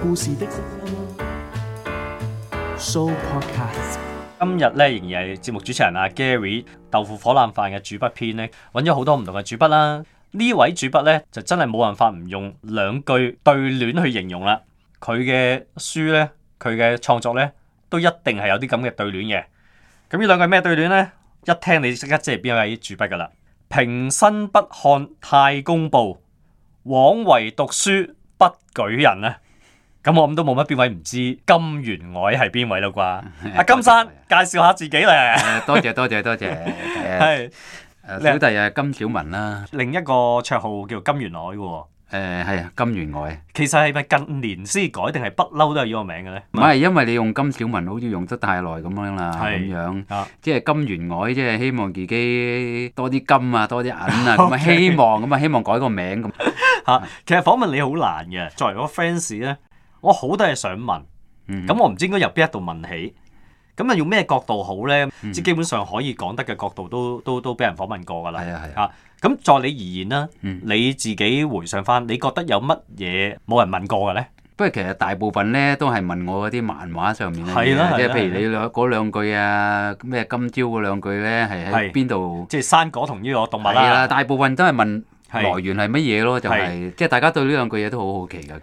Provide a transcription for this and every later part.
故事的 So Podcast 今日咧，仍然係節目主持人阿 Gary 豆腐火腩飯嘅主筆篇咧，揾咗好多唔同嘅主筆啦。呢位主筆咧就真係冇辦法唔用兩句對聯去形容啦。佢嘅書咧，佢嘅創作咧都一定係有啲咁嘅對聯嘅。咁呢兩句咩對聯呢？一聽你即刻知係邊位主筆噶啦。平生不看太公報，枉為讀書不舉人啊！咁我諗都冇乜邊位唔知金元凱係邊位啦啩？阿金生介紹下自己咧。誒多謝多謝多謝。係小弟啊，金小文啦。另一個綽號叫做金元凱嘅喎。誒係啊，金元凱。其實係咪近年先改定係不嬲都係呢個名嘅咧？唔係，因為你用金小文好似用得太耐咁樣啦，咁樣。啊。即係金元凱，即係希望自己多啲金啊，多啲銀啊，咁啊希望，咁啊希望改個名咁。嚇，其實訪問你好難嘅，作為我 fans 咧。我好多嘢想問，咁我唔知應該由邊一度問起，咁啊用咩角度好咧？即基本上可以講得嘅角度都都都俾人訪問過噶啦。係啊係啊。咁在你而言啦，嗯、你自己回想翻，你覺得有乜嘢冇人問過嘅咧？不過其實大部分咧都係問我嗰啲漫畫上面嘅，即係譬如你兩嗰兩句啊，咩今朝嗰兩句咧係喺邊度？即係、就係、山果同呢個動物啦、啊。大部分都係問來源係乜嘢咯。的就係即係大家對呢兩句嘢都好好奇嘅。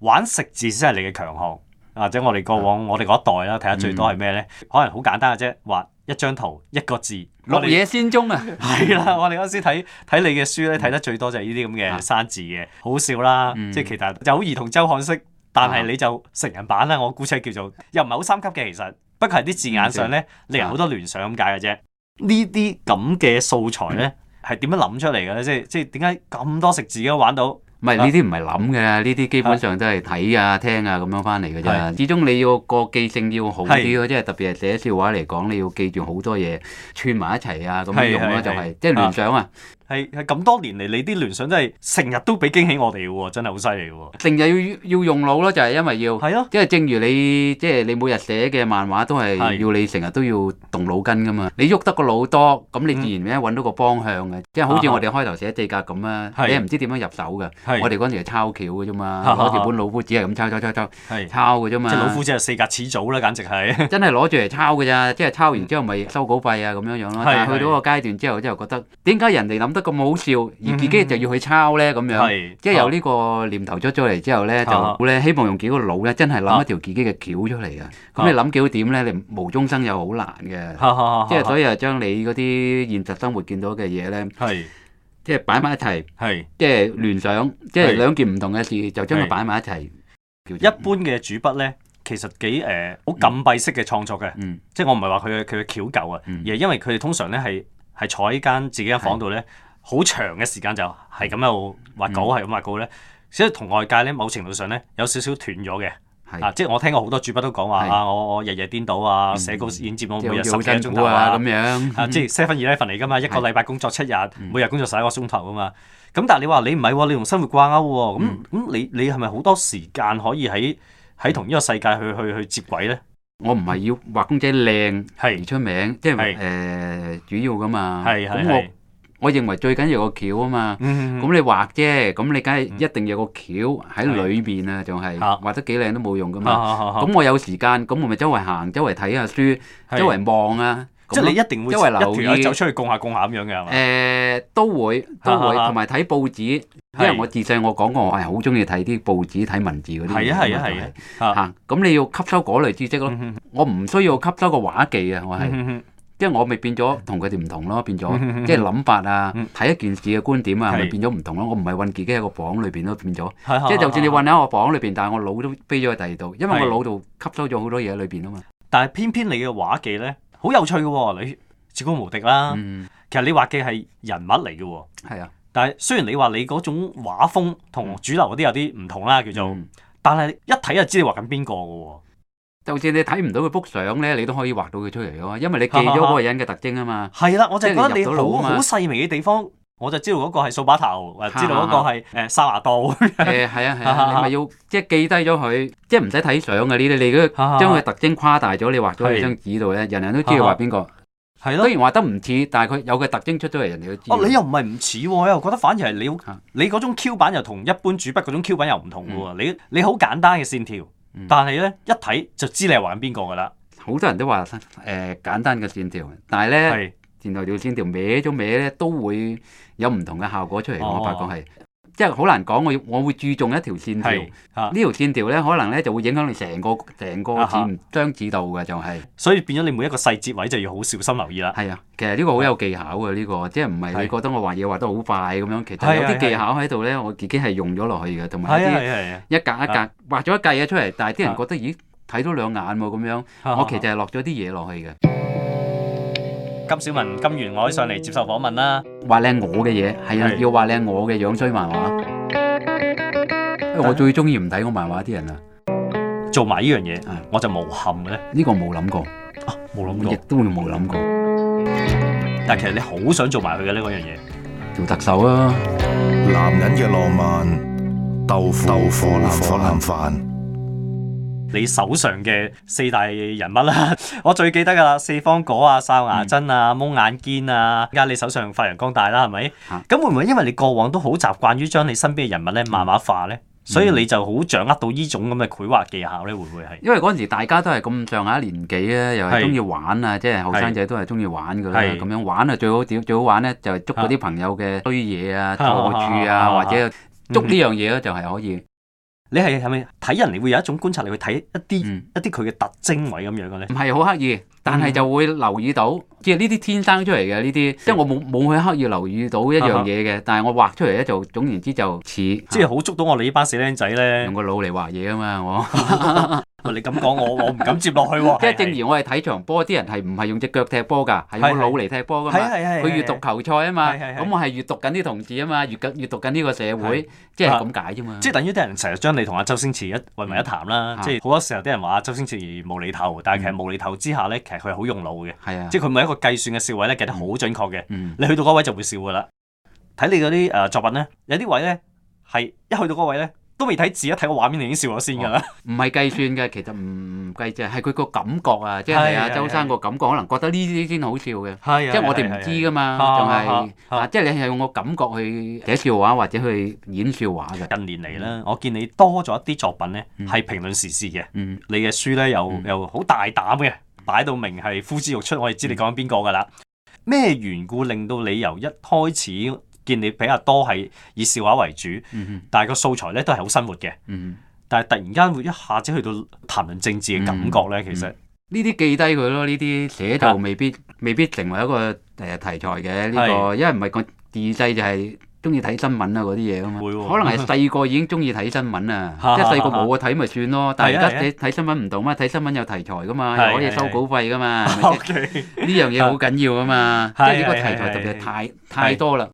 玩食字先係你嘅強項，或者我哋過往、啊、我哋嗰一代啦，睇得最多係咩咧？嗯、可能好簡單嘅啫，畫一張圖一個字，綠野仙蹤啊！係 啦，我哋嗰時睇睇你嘅書咧，睇、嗯、得最多就係呢啲咁嘅生字嘅，好笑啦！嗯、即係其實有兒童週刊式，但係你就成人版啦。我估似叫做又唔係好三級嘅，其實不過係啲字眼上咧，令人好多聯想咁解嘅啫。呢啲咁嘅素材咧，係點、嗯、樣諗出嚟嘅咧？即係即係點解咁多食字都玩到？唔係呢啲唔係諗嘅，呢啲基本上都係睇啊、啊聽啊咁樣翻嚟嘅啫。是始終你要個記性要好啲，是即係特別係寫笑話嚟講，你要記住好多嘢串埋一齊啊，咁樣用囉就係即係聯想啊。啊啊係係咁多年嚟，你啲聯想真係成日都俾驚喜我哋喎，真係好犀利喎！成日要要用腦咯，就係因為要係咯，即係正如你即係你每日寫嘅漫畫都係要你成日都要動腦筋噶嘛。你喐得個腦多，咁你自然會揾到個方向嘅。即係好似我哋開頭寫四格咁啊，你係唔知點樣入手嘅。我哋嗰陣係抄橋嘅啫嘛，攞住本老夫子係咁抄抄抄抄抄嘅啫嘛。即係老夫子係四格始祖啦，簡直係！真係攞住嚟抄嘅咋，即係抄完之後咪收稿費啊咁樣樣咯。但係去到個階段之後，之後覺得點解人哋諗得咁好笑，而自己就要去抄咧咁樣，即係有呢個念頭出咗嚟之後咧，就咧希望用自己個腦咧，真係諗一條自己嘅橋出嚟嘅。咁你諗橋點咧？你無中生有好難嘅，即係所以係將你嗰啲現實生活見到嘅嘢咧，即係擺埋一齊，即係聯想，即係兩件唔同嘅事就將佢擺埋一齊。一般嘅主筆咧，其實幾誒好禁閉式嘅創作嘅，即係我唔係話佢嘅佢嘅橋舊啊，而係因為佢哋通常咧係係坐喺間自己間房度咧。好長嘅時間就係咁喺度畫稿，係咁畫稿咧，所以同外界咧某程度上咧有少少斷咗嘅。啊，即係我聽過好多主筆都講話啊，我我日日顛倒啊，寫稿演節目，每日十幾個鐘頭啊，咁樣即係 seven eleven 嚟㗎嘛，一個禮拜工作七日，每日工作十一個鐘頭㗎嘛。咁但係你話你唔係喎，你同生活掛鈎喎，咁咁你你係咪好多時間可以喺喺同呢個世界去去去接軌咧？我唔係要畫公仔靚而出名，即係誒主要㗎嘛。係係。我認為最緊要個橋啊嘛，咁你畫啫，咁你梗係一定有個橋喺裏邊啊，仲係畫得幾靚都冇用噶嘛。咁我有時間，咁我咪周圍行、周圍睇下書、周圍望啊。即係你一定會周圍留意出去逛下逛下咁樣嘅係嘛？誒，都會都會，同埋睇報紙。因為我自細我講過，我係好中意睇啲報紙睇文字嗰啲。係啊係啊係啊。嚇，咁你要吸收嗰類知識咯。我唔需要吸收個畫技啊，我係。即係我咪變咗同佢哋唔同咯，變咗即係諗法啊，睇 一件事嘅觀點啊，係咪是變咗唔同咯？我唔係困自己喺個房裏邊咯，變咗。啊、即係就算你困喺我房裏邊，但係我腦都飛咗去第二度，因為我腦度吸收咗好多嘢喺裏邊啊嘛。但係偏偏你嘅畫技咧，好有趣嘅喎、哦，你《至高無敵》啦，嗯、其實你畫技係人物嚟嘅喎。係啊，但係雖然你話你嗰種畫風同主流嗰啲有啲唔同啦，叫做，嗯、但係一睇就知你畫緊邊個嘅喎。就算你睇唔到佢幅相咧，你都可以畫到佢出嚟噶嘛，因為你記咗嗰個人嘅特徵啊嘛。係啦，我就覺得你好細微嘅地方，我就知道嗰個係掃把頭，知道嗰個係沙華道。誒係啊係啊，你咪要即係記低咗佢，即係唔使睇相嘅呢啲，你如果將佢特徵誇大咗，你畫咗喺張紙度咧，人人都知道話邊個。係咯，雖然畫得唔似，但係佢有個特徵出咗嚟，人哋都知。哦你又唔係唔似喎，我又覺得反而係你，你嗰種 Q 版又同一般主筆嗰種 Q 版又唔同喎，你你好簡單嘅線條。但係咧，一睇就知你玩邊個㗎喇。好多人都話誒、呃、簡單嘅線條，但係咧，線條條線條歪咗歪咧，都會有唔同嘅效果出嚟。哦、我發覺係。即係好難講，我我會注重一條線條，呢是條線條咧，可能咧就會影響你成個成個紙、啊、哈張紙度嘅，就係。所以變咗你每一個細節位就要好小心留意啦。係啊，其實呢個好有技巧嘅呢、呢個，即係唔係你覺得我畫嘢畫得好快咁樣，其實有啲技巧喺度咧，我自己係用咗落去嘅，同埋一,一格一格、啊、哈畫咗一計嘢出嚟，但係啲人覺得咦睇多兩眼喎咁樣，啊、哈我其實係落咗啲嘢落去嘅。金小文、金元凱上嚟接受訪問啦，話靚我嘅嘢係啊，的要話靚我嘅樣衰的漫畫，因為我最中意唔睇我漫畫啲人啊，做埋呢樣嘢，我就無憾嘅咧。呢個冇諗過，啊冇諗過，亦都冇諗過。過但係其實你好想做埋佢嘅呢個樣嘢，做特首啊！男人嘅浪漫，豆腐火腩飯、豆腐火腩飯、鹹飯。你手上嘅四大人物啦， 我最記得噶啦，四方果啊、哨牙針啊、掹、嗯、眼尖啊，而你手上發揚光大啦，係咪？咁、啊、會唔會因為你過往都好習慣於將你身邊嘅人物咧，漫畫化咧，嗯、所以你就好掌握到呢種咁嘅繪畫技巧咧？會唔會係？因為嗰陣時大家都係咁上下年紀啊，又係中意玩啊，是即係後生仔都係中意玩噶啦，咁是樣玩啊最好點最好玩咧，就係捉嗰啲朋友嘅堆嘢啊、坐住啊，是是或者捉呢樣嘢咧，就係可以。你係係咪睇人哋會有一種觀察力去睇一啲、嗯、一啲佢嘅特徵位咁樣嘅咧？唔係好刻意。但係就會留意到，即係呢啲天生出嚟嘅呢啲，即係我冇冇去刻意留意到一樣嘢嘅。但係我畫出嚟咧就總言之就似，即係好捉到我哋呢班死僆仔咧，用個腦嚟畫嘢啊嘛，我。你咁講我，我唔敢接落去喎。即係正如我哋睇場波，啲人係唔係用隻腳踢波㗎，係用個腦嚟踢波㗎嘛。佢閲讀球賽啊嘛，咁我係閲讀緊啲同志啊嘛，閲緊閲讀緊呢個社會，即係咁解啫嘛。即係等於啲人成日將你同阿周星馳一混為一談啦，即係好多時候啲人話周星馳無厘頭，但係其實無厘頭之下咧，佢係好用腦嘅，係啊，即係佢每一個計算嘅笑位咧，計得好準確嘅。你去到嗰位就會笑噶啦。睇你嗰啲誒作品咧，有啲位咧係一去到嗰位咧都未睇字，一睇個畫面已經笑咗先噶啦。唔係計算嘅，其實唔唔計啫，係佢個感覺啊，即係啊，周生個感覺可能覺得呢啲先好笑嘅。係，即係我哋唔知噶嘛，仲係即係你係用個感覺去寫笑話或者去演笑話嘅。近年嚟啦，我見你多咗一啲作品咧，係評論時事嘅。你嘅書咧又又好大膽嘅。擺到明係呼之欲出，我哋知你講緊邊個噶啦。咩緣故令到你由一開始見你比較多係以笑話為主，嗯、哼但係個素材咧都係好生活嘅。嗯、哼但係突然間會一下子去到談論政治嘅感覺咧，其實呢啲記低佢咯。呢啲寫就未必、啊、未必成為一個誒題材嘅呢、呢個，是因為唔係講自制就係、是。中意睇新聞啊嗰啲嘢啊嘛，可能係細個已經中意睇新聞啊，聞啊即係細個冇個睇咪算咯。啊、但係而家睇新聞唔同啊，睇新聞有題材噶嘛，啊、又可以收稿費噶嘛。呢樣嘢好緊要噶嘛，啊即係呢個題材特別太、啊、太多啦。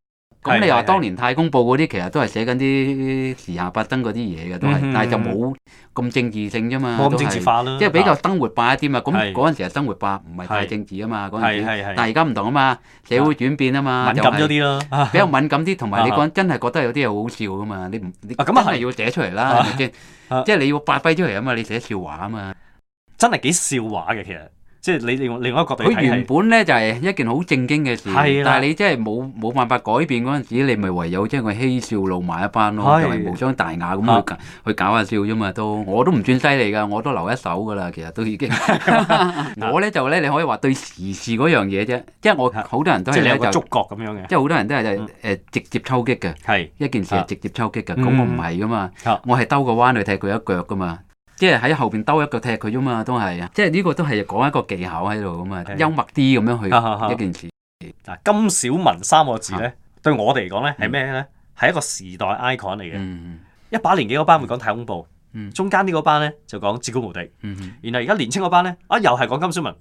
咁你話當年《太公報》嗰啲其實都係寫緊啲時下發生嗰啲嘢嘅，都係、嗯哼，但係就冇咁政治性啫嘛，冇咁政治化咯，即係、就是、比較生活化一啲嘛。咁嗰陣時係生活化，唔係太政治啊嘛。嗰陣是時，是是是但係而家唔同啊嘛，社會轉變啊嘛，敏感咗啲咯，比較敏感啲。同埋你講真係覺得有啲嘢好好笑噶嘛，你唔咁肯定要寫出嚟啦，即係、啊啊啊你，就是、你要發揮出嚟啊嘛，你寫笑話啊嘛，真係幾笑話嘅其實。即係你另另外一個角度睇，佢原本咧就係一件好正經嘅事，但係你真係冇冇辦法改變嗰陣時，你咪唯有即係佢嬉笑怒罵一班咯，就係無傷大雅咁去去搞下笑啫嘛。都我都唔算犀利㗎，我都留一手㗎啦。其實都已經，我咧就咧你可以話對時事嗰樣嘢啫，即係我好多人都係咧就即係一個觸角咁樣嘅，即係好多人都係誒直接抽擊嘅，係一件事係直接抽擊嘅，咁我唔係㗎嘛，我係兜個彎去踢佢一腳㗎嘛。即係喺後邊兜一腳踢佢啫嘛，都係啊！即係呢個都係講一個技巧喺度咁啊，的幽默啲咁樣去 一件事。啊，金小文三個字咧， 對我哋嚟講咧係咩咧？係、嗯、一個時代 icon 嚟嘅。嗯嗯一把年紀嗰班會講太空步，嗯嗯中間呢嗰班咧就講至高無敵。嗯嗯嗯然後而家年青嗰班咧，啊又係講金小文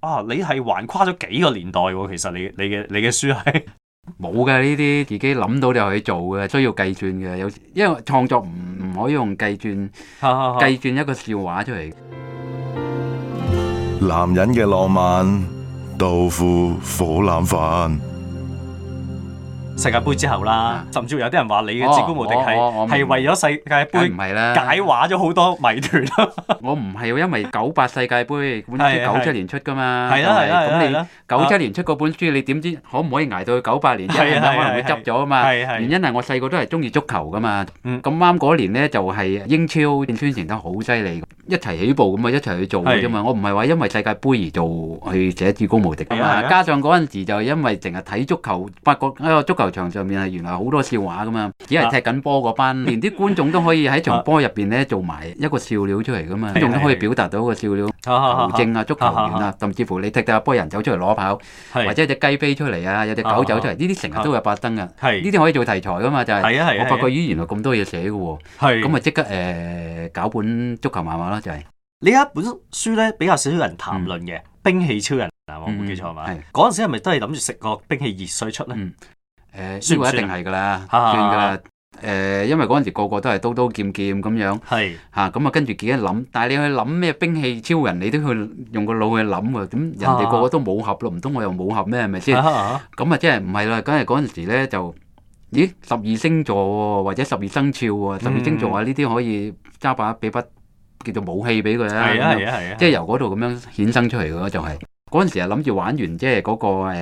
啊，你係橫跨咗幾個年代喎？其實你你嘅你嘅書係。 冇嘅呢啲，自己諗到就可以做嘅，需要計算嘅。有因為創作唔唔可以用計算，計算一個笑話出嚟。好好，男人嘅浪漫，豆腐火腩飯。世界盃之後啦，甚至乎有啲人話你嘅至高無敵係係為咗世界盃，唔係啦，解畫咗好多謎團咯。我唔係，我因為九八世界盃本書九七年出㗎嘛，咁你九七年出嗰本書，你點知可唔可以捱到去九八年？因為可能會執咗啊嘛。原因係我細個都係中意足球㗎嘛，咁啱嗰年呢就係英超轉宣傳得好犀利，一齊起步咁啊一齊去做㗎啫嘛。我唔係話因為世界盃而做去寫至高無敵㗎嘛，加上嗰陣時就因為成日睇足球，發覺一個足球。場上面係原來好多笑話噶嘛，只係踢緊波嗰班，連啲觀眾都可以喺場波入邊咧做埋一個笑料出嚟噶嘛，觀眾都可以表達到個笑料，球證啊、足球員啊，甚至乎你踢到阿波人走出嚟攞跑，或者隻雞飛出嚟啊，有隻狗走出嚟，呢啲成日都會有白燈啊。呢啲可以做題材噶嘛，就係我發覺於原來咁多嘢寫嘅喎，咁啊即刻誒搞本足球漫畫咯，就係呢一本書咧比較少少人談論嘅《兵器超人》，嗱，我冇記錯係嘛？嗰陣時係咪都係諗住食個兵器熱水出咧？誒，呢個一定係噶啦，算噶啦。誒，因為嗰陣時個個都係刀刀劍劍咁樣，係吓咁啊，跟住自己諗。但係你去諗咩兵器超人，你都去用個腦去諗啊。咁人哋個個都武俠咯，唔通我又武俠咩？係咪先？咁啊，即係唔係啦。梗係嗰陣時咧，就咦十二星座或者十二生肖啊，十二星座啊呢啲可以揸把筆筆叫做武器俾佢咧。係啊係啊係啊，即係由嗰度咁樣衍生出嚟噶咯，就係。嗰陣時就諗住玩完、那個，即係嗰個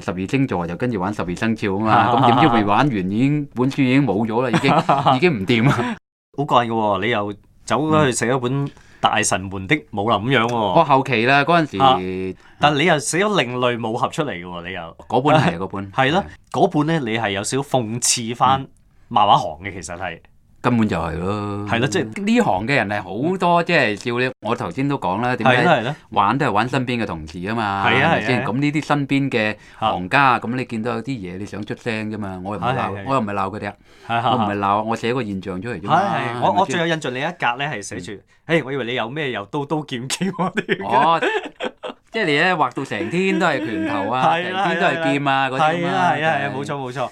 十二星座就跟住玩十二生肖啊嘛。咁點知未玩完，已經本書已經冇咗啦，已經已經唔掂啦。好怪嘅喎，你又走咗去寫一本《大神們的武林的、哦》咁樣喎。我後期啦嗰陣時、啊，但你又寫咗另類武俠出嚟嘅喎，你又嗰 本係嗰本，係啦,嗰本咧你係有少少諷刺翻漫畫行嘅，其實係。根本就係咯，係咯，即係呢行嘅人係好多，即係照你。我頭先都講啦，點解玩都係玩身邊嘅同事啊嘛，係啊，係啊。咁呢啲身邊嘅行家，咁你見到有啲嘢你想出聲啫嘛，我又唔係鬧，我又唔係鬧佢哋啊，我唔係鬧，我寫個現象出嚟啫。我我最有印象你一格咧係寫住，嘿，我以為你有咩又刀刀劍劍啲，我即係你咧畫到成天都係拳頭啊，成天都係劍啊嗰啲啊，係啊，係啊，冇錯冇錯。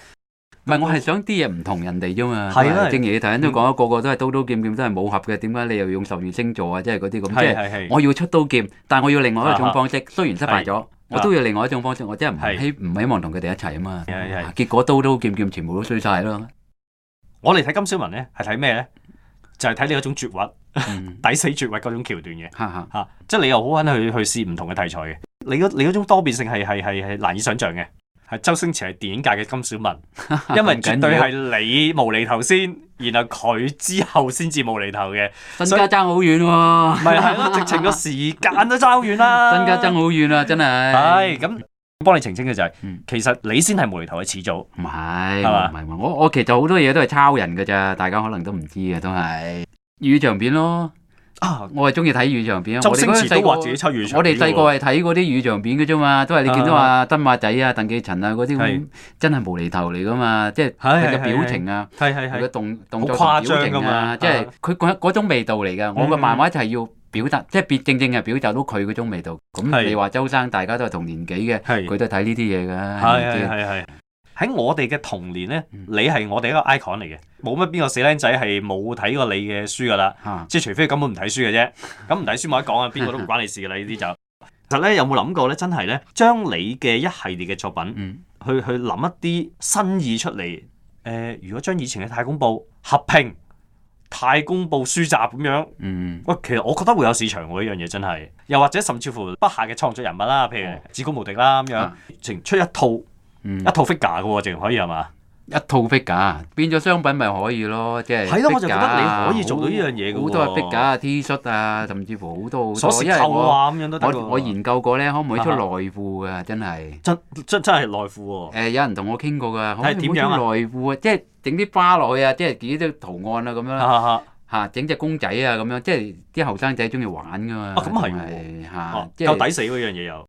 唔係，我係想啲嘢唔同人哋啫嘛。正如你頭先都講啦，個個都係刀刀劍劍都係武俠嘅，點解你又用十二星座啊？即係嗰啲咁。即係我要出刀劍，但係我要另外一種方式。雖然失敗咗，我都要另外一種方式。我真係唔希望同佢哋一齊啊嘛。結果刀刀劍劍全部都衰晒咯。我哋睇金小文咧，係睇咩咧？就係睇你嗰種絕核、抵死絕核嗰種橋段嘅。即係你又好肯去去試唔同嘅題材嘅。你嗰你嗰種多變性係係係係難以想像嘅。係周星馳係電影界嘅金小文，因為絕對係你無厘頭先，然後佢之後先至無厘頭嘅。身家爭好遠喎，唔係係咯， 啊、直情個時間都爭好遠啦。身家爭好遠啦，真係。係咁，幫你澄清嘅就係，是，嗯、其實你先係無厘頭嘅始祖。唔係是，唔係吧，我我其實好多嘢都係抄人㗎咋，大家可能都唔知嘅都係粵語長片咯。我係中意睇粵語長片，我哋細個我哋細個係睇嗰啲粵語長片嘅啫嘛，都係你見到話曾馬仔啊、鄧寄塵啊嗰啲真係無厘頭嚟噶嘛，即係佢嘅表情啊，佢嘅動動作表情啊，即係佢嗰種味道嚟㗎。我嘅漫畫就係要表達，即係別正正係表達到佢嗰種味道。咁你話周生，大家都係同年紀嘅，佢都係睇呢啲嘢㗎。係係。喺我哋嘅童年呢，嗯、你係我哋一個 icon 嚟嘅，冇乜邊個死僆仔係冇睇過你嘅書噶啦，啊、即係除非根本唔睇書嘅啫。咁唔睇書冇得講啊，邊個都唔關你事噶啦。呢啲就，其實咧有冇諗過呢？有有過真係呢，將你嘅一系列嘅作品去、嗯、去諗一啲新意出嚟。誒、呃，如果將以前嘅《太公報》合拼《太公報》書集咁樣，喂、嗯，其實我覺得會有市場喎呢樣嘢，真係。又或者甚至乎筆下嘅創作人物啦，譬如《至高無敵》啦咁樣，整、啊啊、出一套。一套 figure 嘅喎，淨可以係嘛？一套 figure 啊，變咗商品咪可以咯，即係我就覺得你可以做到呢樣嘢嘅。好多 figure 啊，T 恤啊，甚至乎好多好多，因為我我研究過咧，可唔可以出內褲嘅？真係真真真係內褲喎。有人同我傾過㗎，好似好似內褲啊，即係整啲花落去啊，即係自己啲圖案啊咁樣。嚇整隻公仔啊咁樣，即係啲後生仔中意玩㗎嘛。咁係喎嚇，夠抵死嗰樣嘢又。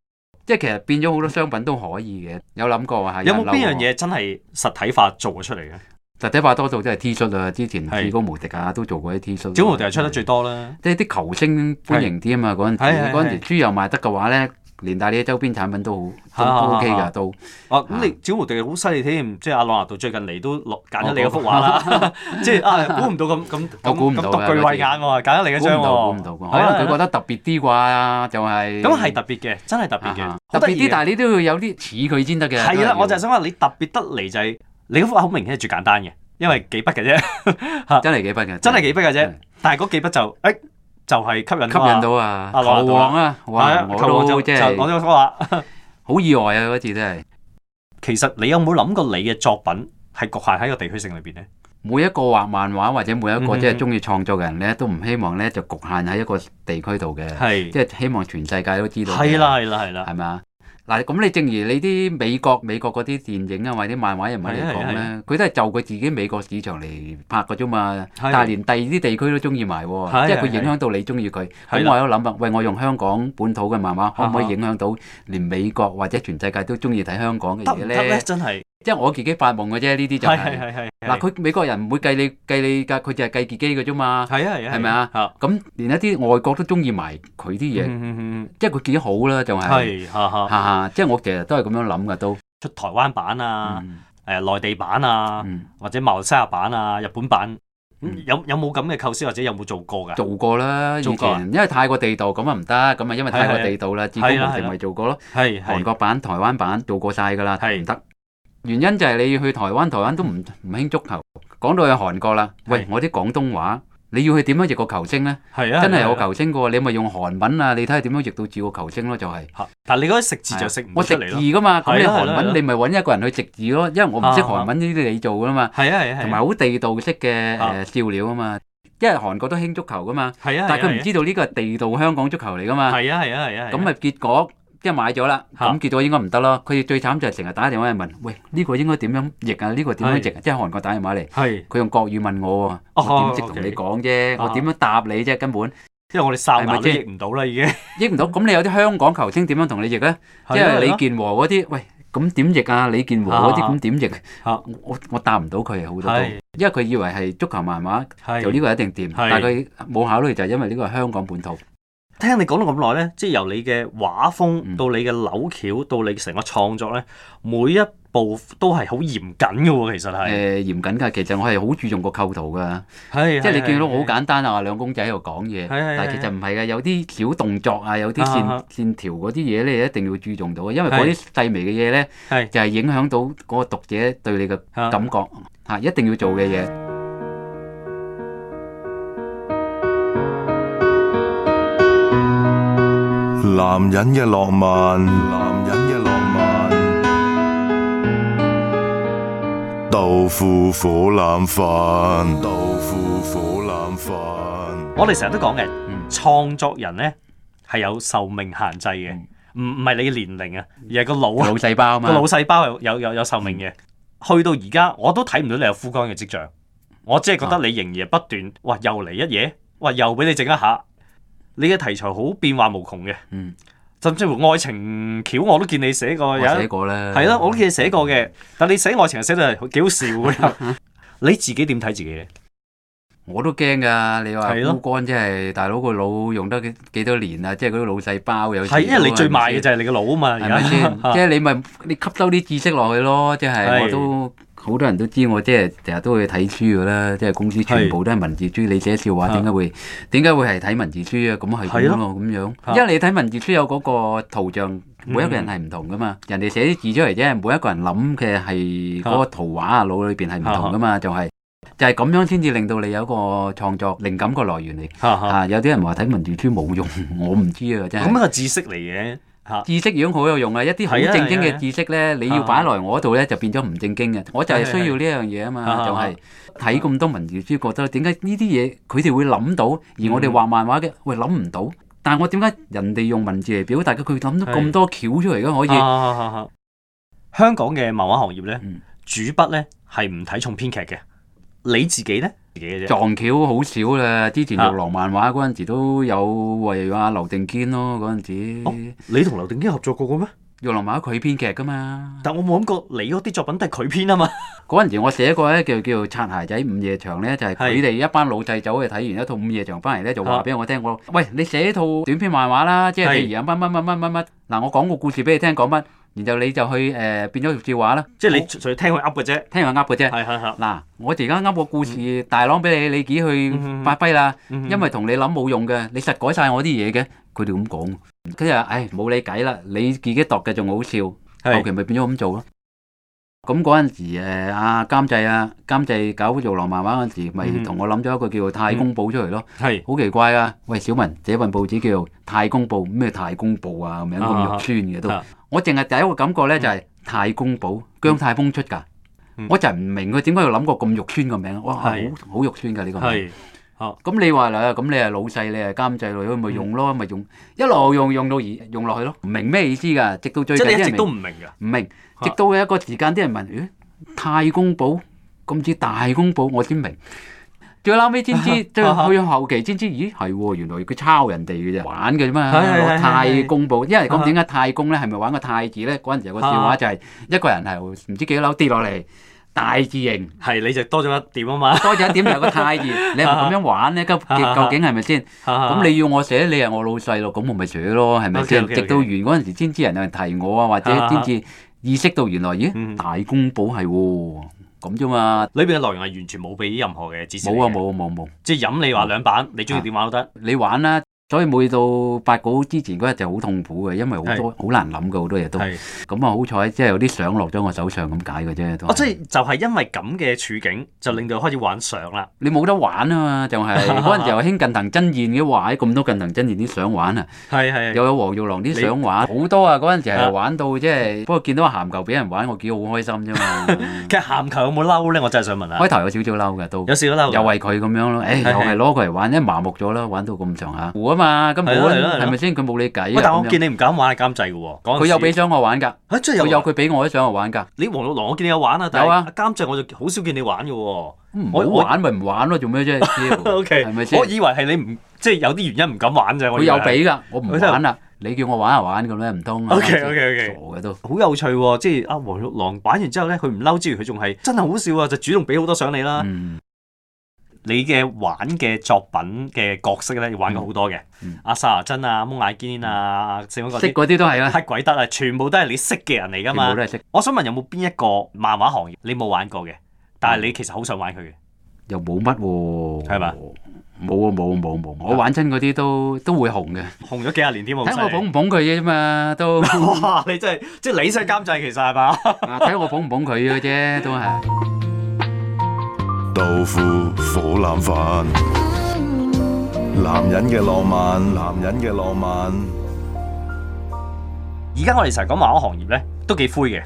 即係其實變咗好多商品都可以嘅，有諗過嚇。有冇邊樣嘢真係實體化做咗出嚟嘅？實體化多數都係 T 恤啊，之前志高無敵啊是都做過啲 T 恤。志高無敵係出得最多啦，是是即係啲球星歡迎啲啊嘛！嗰陣時，嗰陣時豬油賣得嘅話咧。連帶你啲周邊產品都好都 O K 噶都。哦，咁你《小蝴蝶》好犀利添，即係阿朗拿度最近嚟都落揀咗你幅畫啦，即係估唔到咁咁。我估唔到啊！獨具慧眼喎，揀咗你嗰張喎。估唔到，估唔到。可能佢覺得特別啲啩，就係咁係特別嘅，真係特別嘅。特別啲，但係你都要有啲似佢先得嘅。係啦，我就係想話你特別得嚟就係你幅畫好明顯係最簡單嘅，因為幾筆嘅啫。真係幾筆嘅？真係幾筆嘅啫，但係嗰幾筆就誒。就係吸引到啊！球、啊啊、王啊！啊哇！球王。對就即、是、係，我講話，好 意外啊！嗰次真係。其實你有冇諗過你嘅作品係局限喺一個地區性裏邊呢？每一個畫漫畫或者每一個即係中意創作嘅人咧，嗯、都唔希望咧就局限喺一個地區度嘅，即係是希望全世界都知道。係啦，係啦，係啦，係咪啊？嗱，咁你正如你啲美國美國嗰啲電影啊，或者漫畫人物嚟講咧，佢是都係就佢自己美國市場嚟拍嘅啫嘛。是的 但係連第二啲地區都中意埋，是的 即係佢影響到你中意佢。咁是的 我有諗啊，是的 喂，我用香港本土嘅漫畫是的 可唔可以影響到連美國或者全世界都中意睇香港嘅嘢咧？行即係我自己發夢嘅啫，呢啲就係嗱，佢美國人唔會計你計你噶，佢就係計自己嘅啫嘛。係啊，係咪啊？咁連一啲外國都中意埋佢啲嘢，即係佢幾好啦，就係。係，即係我其實都係咁樣諗噶，都出台灣版啊，誒，內地版啊，或者馬來西亞版啊，日本版，有有冇咁嘅構思，或者有冇做過噶？做過啦，以前因為太過地道咁啊，唔得咁啊，因為太過地道啦，自己無敵咪做過咯，係韓國版、台灣版做過晒噶啦，係唔得。原因就係你要去台灣，台灣都唔唔興足球。講到去韓國啦，喂，我啲廣東話，你要去點樣譯個球星呢？係啊，真係有球星喎，你咪用韓文啊，你睇下點樣譯到字個球星咯，就係。但你嗰啲食字就食唔到。我食字噶嘛，咁你韓文你咪揾一個人去食字咯，因為我唔識韓文呢啲你做噶嘛。係啊，係啊，同埋好地道式嘅誒笑料啊嘛，因為韓國都興足球噶嘛。係啊，但係佢唔知道呢個係地道香港足球嚟噶嘛。係啊，係啊，係啊！咁咪結果。即係買咗啦，咁結果應該唔得咯。佢最慘就係成日打電話去問，喂呢個應該點樣譯啊？呢個點樣譯啊？即係韓國打電話嚟，佢用國語問我喎。我點即係同你講啫，我點樣答你啫？根本因為我哋手文都譯唔到啦，已經譯唔到。咁你有啲香港球星點樣同你譯咧？即係李健和嗰啲，喂咁點譯啊？李健和嗰啲咁點譯？我我答唔到佢好多，因為佢以為係足球漫畫，就呢個一定掂。但係佢冇考慮就係因為呢個係香港本土。聽你講咗咁耐咧，即係由你嘅畫風到你嘅扭橋，到你成個創作咧，每一步都係好嚴謹嘅喎。其實係誒、呃、嚴謹㗎。其實我係好注重個構圖㗎。係即係你見到好簡單啊，兩公仔喺度講嘢。但係其實唔係嘅，有啲小動作啊，有啲線線條嗰啲嘢咧，一定要注重到。因為嗰啲細微嘅嘢咧，就係影響到嗰個讀者對你嘅感覺。嚇，一定要做嘅嘢。男人嘅浪漫，男人嘅浪漫，豆腐火腩飯，豆腐火腩飯。 我哋成日都講嘅，創作人呢，係有壽命限制嘅，唔唔係你嘅年齡啊，而係個腦，腦細胞啊嘛，個腦細胞有有有壽命嘅。去到而家我都睇唔到你有枯乾嘅跡象，我只係覺得你仍然不斷，哇，又嚟一嘢，哇，又俾你整一下。你嘅題材好變化無窮嘅，甚至乎愛情橋我都見你寫過，有寫過啦，係咯，我都見你寫過嘅。嗯、但你寫愛情係寫得係幾好笑，你自己點睇自己咧？我都驚噶，你話枯乾即係大佬個腦用得幾幾多年啊？即係嗰啲腦細胞有，係因為你最賣嘅就係你個腦啊嘛，而家即係你咪你吸收啲知識落去咯，即係我都。好多人都知我即係成日都會睇書噶啦，即係公司全部都係文字書，你寫笑話點解會點解會係睇文字書啊？咁係點啊？咁樣，因為你睇文字書有嗰個圖像，每一個人係唔同噶嘛。人哋寫啲字出嚟啫，每一個人諗嘅係嗰個圖畫啊，腦裏邊係唔同噶嘛，就係就係咁樣先至令到你有一個創作靈感個來源嚟。有啲人話睇文字書冇用，我唔知啊真係。咁個知識嚟嘅。知識已經好有用啊！一啲好正經嘅知識呢，你要擺來我度呢，就變咗唔正經嘅。的我就係需要呢樣嘢啊嘛，的就係睇咁多文字先覺得點解呢啲嘢佢哋會諗到，而我哋畫漫畫嘅、嗯、會諗唔到。但係我點解人哋用文字嚟表達佢佢諗到咁多橋出嚟嘅，的可以。香港嘅漫畫行業呢，嗯、主筆呢，係唔睇重編劇嘅。你自己呢？撞巧好少啦！之前玉郎漫畫嗰陣時都有為阿劉定堅咯，嗰陣時。你同劉定堅合作過嘅咩？玉郎漫畫佢編劇噶嘛？但我冇諗過，你嗰啲作品都係佢編啊嘛。嗰陣 時我寫過咧，叫叫擦鞋仔午夜場咧，就係佢哋一班老細走去睇完一套午夜場翻嚟咧，就話俾我聽，啊、我喂你寫套短篇漫畫啦，即係譬如啊乜乜乜乜乜乜，嗱是我講個故事俾你聽，講乜？然之後你就去誒變咗條笑話啦，即係你純粹聽佢噏嘅啫，聽佢話噏嘅啫。嗱，我而家噏個故事大綱俾你，你自己去發揮啦。因為同你諗冇用嘅，你實改晒我啲嘢嘅。佢哋咁講，跟住誒，冇你計啦，你自己度嘅仲好笑，後期咪變咗咁做咯。咁嗰陣時阿監製啊，監製搞做浪漫畫嗰陣時，咪同我諗咗一個叫做《太公報》出嚟咯。好奇怪啊！喂，小文，這份報紙叫《太公報》，咩《太公報》啊？咁樣咁肉酸嘅都～我淨係第一個感覺咧，就係太公寶，姜太公出㗎。嗯、我就係唔明佢點解要諗個咁肉酸個名。哇，好好肉酸㗎呢，這個名。係的，咁你話啦，咁你係老細，你係監製嚟，咪用咯，咪用，一路用用到而用落去咯。唔明咩意思㗎？直到最近啲人一直都唔明㗎。唔明，直到一個時間，啲人問，欸，太公寶，咁似大公寶，我先明。最撈尾先知，即係去到後期先知，咦係喎，原來佢抄人哋嘅啫，玩嘅啫嘛，太公簿。因為咁點解太公咧，係咪玩個太字咧？嗰陣時有個笑話就係一個人係唔知幾多樓跌落嚟，大字形，係你就多咗一點啊嘛，多咗一點有個太字。你唔咁樣玩咧，咁究竟係咪先？咁你要我寫，你係我老細咯，咁我咪寫咯，係咪先？直到完嗰陣時先知人有人提我啊，或者先至意識到原來咦，大公簿係喎。咁啫嘛，裏邊嘅內容係完全冇俾任何嘅指示，冇啊冇啊，冇冇，啊啊、即係任你話兩版，啊、你中意點玩都得、啊，你玩啦、啊。所以每到八九之前嗰日就好痛苦嘅，因為好多好難諗嘅好多嘢都。咁啊，好彩即係有啲相落咗我手上咁解嘅啫。都哦，即係就係因為咁嘅處境，就令到開始玩相啦。你冇得玩啊嘛，就係嗰陣時又興近藤真彥嘅話，咁多近藤真彥啲相玩啊。又有黃玉郎啲相玩，好多啊。嗰陣時係玩到即係，不過見到鹹球俾人玩，我幾好開心啫嘛。其實鹹球有冇嬲呢？我真係想問啊。開頭有少少嬲嘅都，有少少嬲，又為佢咁樣咯。誒，又係攞佢嚟玩，即係麻木咗啦，玩到咁上下。咁啊，根本係咪先？佢冇你計。但我見你唔敢玩監製嘅喎。佢有俾張我玩㗎。即係又有佢俾我啲相我玩㗎。你黃六郎，我見你有玩啊。但啊。監製我就好少見你玩嘅喎。唔好玩咪唔玩咯，做咩啫？O K，係咪先？我以為係你唔即係有啲原因唔敢玩咋。佢有俾㗎，我唔玩啦。你叫我玩就玩咁樣，唔通？O K，O K，O K。傻嘅都。好有趣喎！即係阿黃六郎玩完之後咧，佢唔嬲之餘，佢仲係真係好笑啊！就主動俾好多相你啦。你嘅玩嘅作品嘅角色咧，你玩過好多嘅，嗯嗯、阿沙拉真啊、蒙眼堅啊、剩嗰啲，識嗰啲都係啊，黑鬼得啊，全部都係你識嘅人嚟噶嘛，全部都係識，我想問有冇邊一個漫畫行業你冇玩過嘅，但係你其實好想玩佢嘅、嗯？又冇乜喎，係嘛吧？冇啊冇冇冇，我玩親嗰啲都都會紅嘅，紅咗幾十年添。睇我捧唔捧佢啫嘛，都。 你真係即係你想監製其實係嘛？睇 我捧唔捧佢嘅啫，都係。豆腐火腩飯，男人嘅浪漫，男人嘅浪漫。而家我哋成日講某行業咧，都幾灰嘅，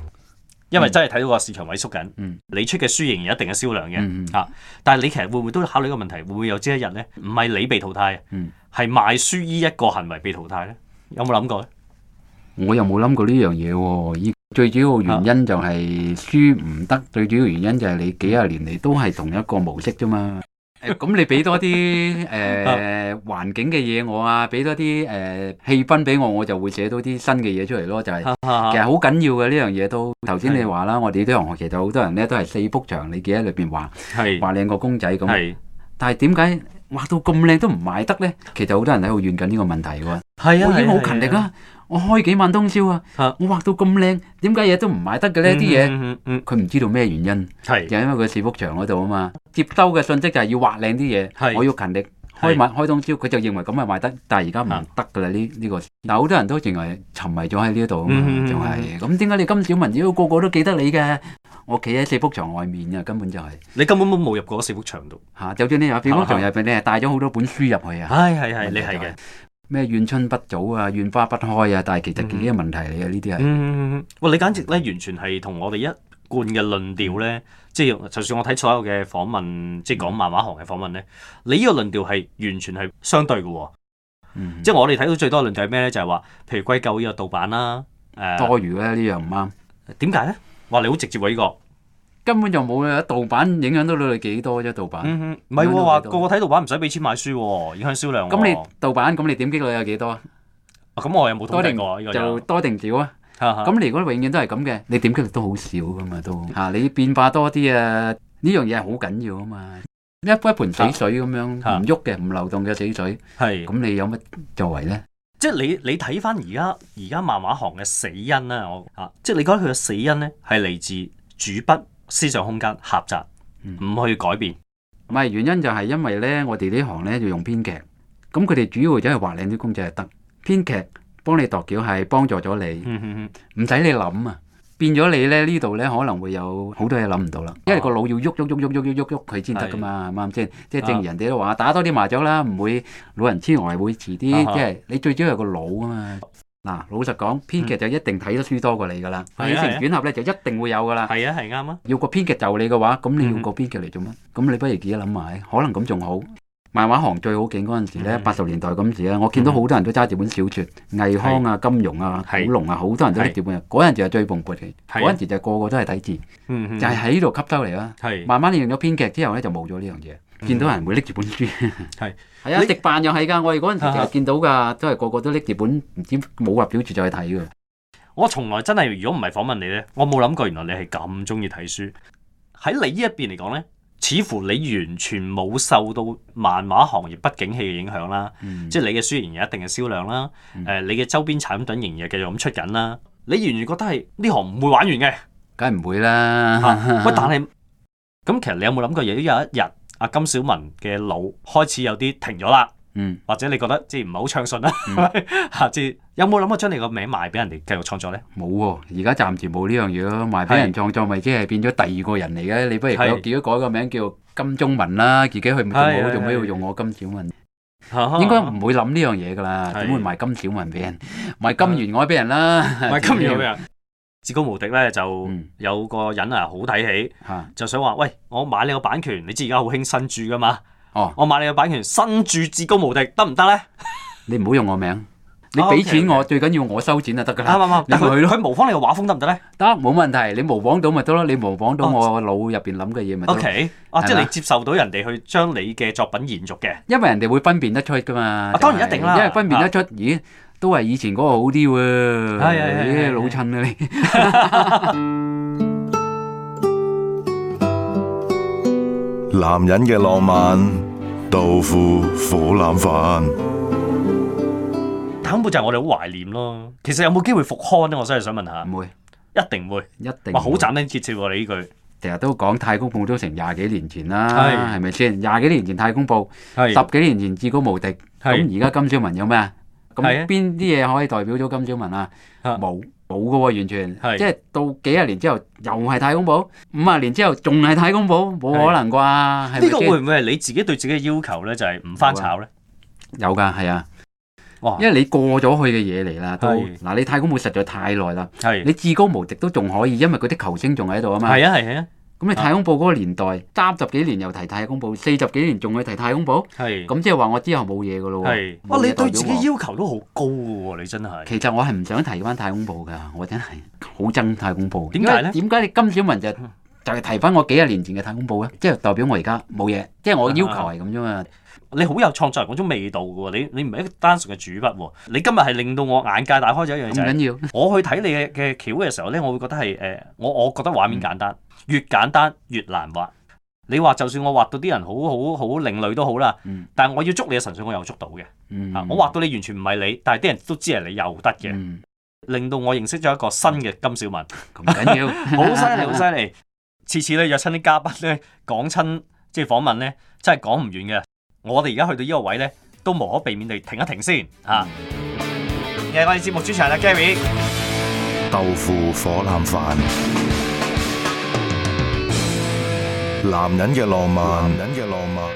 因為真係睇到個市場萎縮緊。嗯、你出嘅書仍然有一定嘅銷量嘅。吓、嗯嗯啊，但係你其實會唔會都考慮個問題，會唔會有朝一日咧？唔係你被淘汰，嗯，係賣書依一個行為被淘汰咧？有冇諗過咧？我又冇諗過呢樣嘢喎。最主要原因就係輸唔得， 最主要原因就係你幾廿年嚟都係同一個模式啫嘛。咁、 啊、你俾多啲誒環境嘅嘢我啊，俾多啲誒氣氛俾我，我就會寫到啲新嘅嘢出嚟咯。就係、是、其實好緊要嘅呢樣嘢都頭先你話啦，的我哋啲同學其實好多人咧都係四幅牆，你記喺裏邊畫，畫靚個公仔咁。的但係點解畫到咁靚都唔賣得呢？其實好多人喺度怨緊呢個問題嘅。係啊的，的我已經好勤力啦。我開幾晚通宵啊！我畫到咁靚，點解嘢都唔賣得嘅呢？啲嘢佢唔知道咩原因，就因為佢四幅牆嗰度啊嘛。接收嘅訊息就係要畫靚啲嘢，我要勤力開晚開通宵，佢就認為咁係賣得，但係而家唔得㗎喇呢呢個。嗱，好多人都認為沉迷咗喺呢度啊嘛，就係。咁點解你金小文字個個都記得你嘅？我企喺四幅牆外面呀，根本就係。你根本都冇入過四幅牆度。嚇！就算你入四幅牆入邊，你係帶咗好多本書入去啊？係係係，你係嘅。咩怨春不早啊，怨花不開啊，但係其實自己嘅問題嚟啊。呢啲係。喂、嗯，你簡直咧完全係同我哋一貫嘅論調咧，嗯、即係就算我睇所有嘅訪問，即係講漫畫行嘅訪問咧，你呢個論調係完全係相對嘅、哦。嗯、即係我哋睇到最多嘅論調係咩咧？就係、是、話，譬如歸咎呢個盜版啦，誒、呃、多餘咧呢樣唔啱，點解咧？哇！你好直接喎、啊、呢、呢個。根本就冇啊！盜版影響到你哋幾多啫？盜版，唔係話個個睇盜版唔使俾錢買書喎、啊，影響銷量咁、啊、你盜版，咁你點擊率有幾多？咁、啊啊、我又冇多定㗎？就多定屌啊！咁你、啊、如果永遠都係咁嘅，你點擊率都好少噶嘛都嚇、啊！你變化多啲啊！呢樣嘢係好緊要啊嘛！一杯一盆死水咁樣唔喐嘅、唔、啊、流動嘅死水、水，係咁、啊啊、你有乜作為咧？即係你你睇翻而家而家漫畫行嘅死因啦，我嚇即係你覺得佢嘅死因咧係嚟自主筆。思想空間狹窄，唔去改變，唔係原因就係因為咧，我哋呢行咧要用編劇，咁佢哋主要就係畫靚啲公仔就得，編劇幫你度橋係幫助咗你，唔使、嗯嗯嗯、你諗啊，變咗你咧呢度咧可能會有好多嘢諗唔到啦，因為個腦要喐喐喐喐喐喐喐喐佢先得噶嘛，啱唔啱，即係正如人哋都話，啊、打多啲麻雀啦，唔會老人痴呆會遲啲，即係、啊啊、你最主要係個腦啊嘛。嗱，老實講，編劇就一定睇得書多過你噶啦，起承、啊、轉合咧就一定會有噶啦。係啊，係啱啊。要個編劇就你嘅話，咁你要個編劇嚟做乜？咁你不如自己諗埋，可能咁仲好。漫畫行最好景嗰陣時咧，八十、mm hmm. 年代咁時咧，我見到好多人都揸住本小說，倪匡啊、mm hmm. 金庸啊、mm hmm. 古龍啊，好多人都拎住本。嗰陣時係最蓬勃嘅，嗰、hmm. 陣時就,時就個個都係睇字，mm hmm. 就係喺呢度吸收嚟啦。Mm hmm. 慢慢用咗編劇之後咧，就冇咗呢樣嘢。Mm hmm. 見到人會拎住本書，係係、mm hmm. 啊，你食飯又係噶，我哋嗰陣時又見到噶，都係個個都拎住本唔知冇話表住就去睇噶。我從來真係，如果唔係訪問你咧，我冇諗過原來你係咁中意睇書。喺你呢一邊嚟講咧。似乎你完全冇受到漫畫行業不景氣嘅影響啦，嗯、即係你嘅書仍然有一定嘅銷量啦，誒、嗯呃、你嘅周邊產品仍然係繼續咁出緊啦，你完全覺得係呢行唔會玩完嘅？梗係唔會啦。 啊、但係咁其實你有冇諗過，如果有一日阿金小文嘅腦開始有啲停咗啦？或者你覺得即係唔係好暢順啦？嚇，即有冇諗過將你個名賣俾人哋繼續創作咧？冇喎，而家暫時冇呢樣嘢咯。賣俾人創作咪即係變咗第二個人嚟嘅。你不如改，自己改個名叫金忠文啦，自己去做好，做咩要用我金小文？應該唔會諗呢樣嘢噶啦，點會賣金小文俾人？賣金元愛俾人啦。賣金元愛俾人，至高無敵咧就有個人啊好睇起，就想話：喂，我買你個版權，你知而家好興新珠噶嘛？哦，我買你嘅版權，身住至高無敵得唔得咧？你唔好用我名，你俾錢我，最緊要我收錢就得噶啦。啊嘛嘛，你去咯。去模仿你嘅畫風得唔得咧？得，冇問題。你模仿到咪得咯？你模仿到我腦入邊諗嘅嘢咪得。O K，啊，即係你接受到人哋去將你嘅作品延續嘅。因為人哋會分辨得出噶嘛。啊，當然一定啦。因為分辨得出，咦，都係以前嗰個好啲喎。係啊係啊，老襯啊你。男人嘅浪漫，豆腐火腩飯，但係根本就係我哋好懷念咯。其實有冇機會復刊呢？我真係想問下。唔會，一定會，一定會，好斬釘截鐵喎！你呢句成日都講《是太公布》都成廿幾年前啦，係咪先？廿幾年前《太公布》，十幾年前《至高無敵》是，咁而家金小文有咩啊？咁邊啲嘢可以代表咗金小文啊？冇的。冇噶喎，完全，是即係到幾十年之後又係太空寶，五十年之後仲係太空寶，冇可能啩？呢是個會唔會係你自己對自己嘅要求咧？就係、是、唔翻炒咧？有噶，係啊，哇，因為你過咗去嘅嘢嚟啦，哇都嗱的你太空寶實在太耐啦，係的你至高無敵都仲可以，因為嗰啲球星仲喺度啊嘛，係啊係啊。咁你啊《太空步》嗰個年代，三十幾年又提《太空步》是，四十幾年仲去提《太空步》，咁即係話我之後冇嘢噶咯喎。是啊，你對自己要求都好高喎，你真係。其實我係唔想提翻《太空步》噶，我真係好憎《太空步》。點解咧？點解你金小文就係？嗯但係提翻我幾廿年前嘅太空步嘅，即係代表我而家冇嘢。嗯、即係我要求係咁樣嘛。你好有創作嗰種味道嘅喎，你你唔係一個單純嘅主筆喎。你今日係令到我眼界大開咗一樣嘢，唔緊要。我去睇你嘅嘅橋嘅時候咧，我會覺得係誒，我我覺得畫面簡單，嗯、越簡單越難畫。你話就算我畫到啲人好好好另類都好啦，嗯、但係我要捉你嘅神髓，我又捉到嘅、嗯啊。我畫到你完全唔係你，但係啲人都知係你又得嘅，嗯、令到我認識咗一個新嘅金小文。咁緊要，好犀利，好犀利。 次次咧約親啲嘉賓咧講親即係訪問咧，真係講唔完嘅。我哋而家去到呢個位咧，都無可避免地停一停先嚇。又、啊、係 我哋節目主持人 Gary。豆腐火腩飯。 男人嘅浪漫。男人嘅浪漫。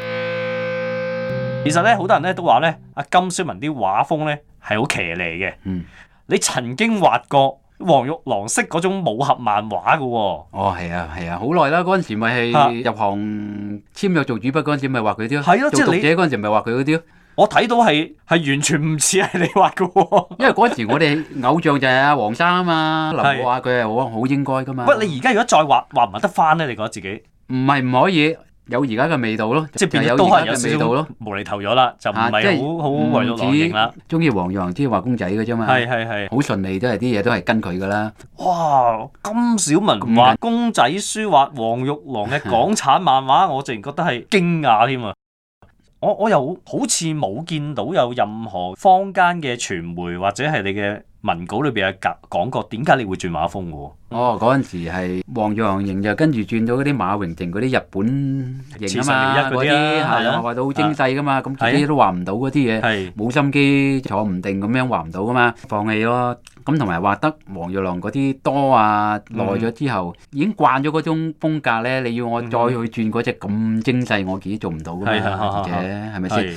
其實咧，好多人咧都話咧，阿金少文啲畫風咧係好騎呢嘅。嗯，你曾經畫過。黃玉郎式嗰種武俠漫畫噶喎？哦，哦係啊係啊，好耐啦，嗰陣時咪係入行簽約做主筆嗰陣時咪畫佢啲咯，係咯做讀者嗰陣時咪畫佢嗰啲咯，我睇到係係完全唔似係你畫噶喎。哦， 因為嗰陣時我哋偶像就係阿黃生啊嘛，諗下佢係好應該噶嘛，喂你而家如果再畫畫唔畫得翻咧？你覺得自己唔係唔可以？有而家嘅味道咯，即係變都係有味道咯，無厘頭咗啦，就唔係好好為咗造型啦。中意黃玉郎中意畫公仔嘅啫嘛，係係係，好順利都係啲嘢都係跟佢嘅啦。哇！金小文畫公仔書畫黃玉郎嘅港產漫畫，啊、我竟然覺得係驚訝添啊！我我又好似冇見到有任何坊間嘅傳媒或者係你嘅。文稿裏邊嘅講講過點解你會轉畫風嘅喎？哦，嗰陣時係黃玉郎型就跟住轉咗嗰啲馬榮成嗰啲日本型啊嘛，嗰啲係啊，畫到好精細嘅嘛，咁自己都畫唔到嗰啲嘢，冇心機坐唔定咁樣畫唔到嘅嘛，放棄咯。咁同埋畫得黃玉郎嗰啲多啊耐咗之後，已經慣咗嗰種風格咧。你要我再去轉嗰隻咁精細，我自己做唔到嘅嘛，自己係咪先？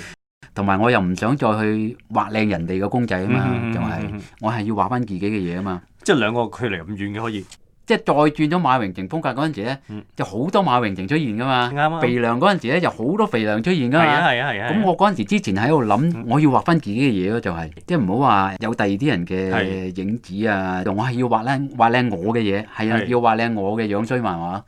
同埋我又唔想再去畫靚人哋嘅公仔啊嘛，就係我係要畫翻自己嘅嘢啊嘛。即係兩個距離咁遠嘅可以，即係再轉咗馬榮成風格嗰陣時咧，嗯、就好多馬榮成出現噶嘛。嗯、肥良嗰陣時咧，就好多肥良出現噶嘛。係啊係啊係啊！咁我嗰陣時之前喺度諗，我要畫翻自己嘅嘢咯，嗯、就係即係唔好話有第二啲人嘅影子啊，的我係要畫靚畫靚我嘅嘢，係啊，的要畫靚我嘅樣衰漫畫。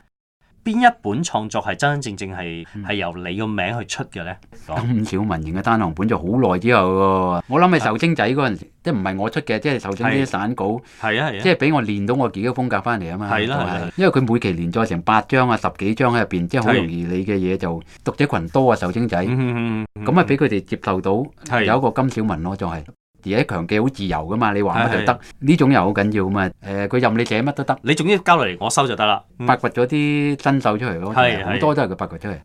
邊一本創作係真真正正係係由你個名去出嘅咧？金小文型嘅單行本就好耐之後喎，我諗起《壽星仔》嗰陣，即係唔係我出嘅，即係壽星啲散稿，係啊係啊，即係俾我練到我自己風格翻嚟啊嘛，係啦，係因為佢每期連載成八張啊十幾張喺入邊，即係好容易你嘅嘢就讀者群多啊，壽星仔，咁啊俾佢哋接受到有一個金小文咯，就係、是。而且強記好自由噶嘛，你話乜就得，呢種又好緊要嘛。誒，佢任你寫乜都得，你總之交落嚟我收就得啦。發掘咗啲新手出嚟咯，好多都係佢發掘出嚟。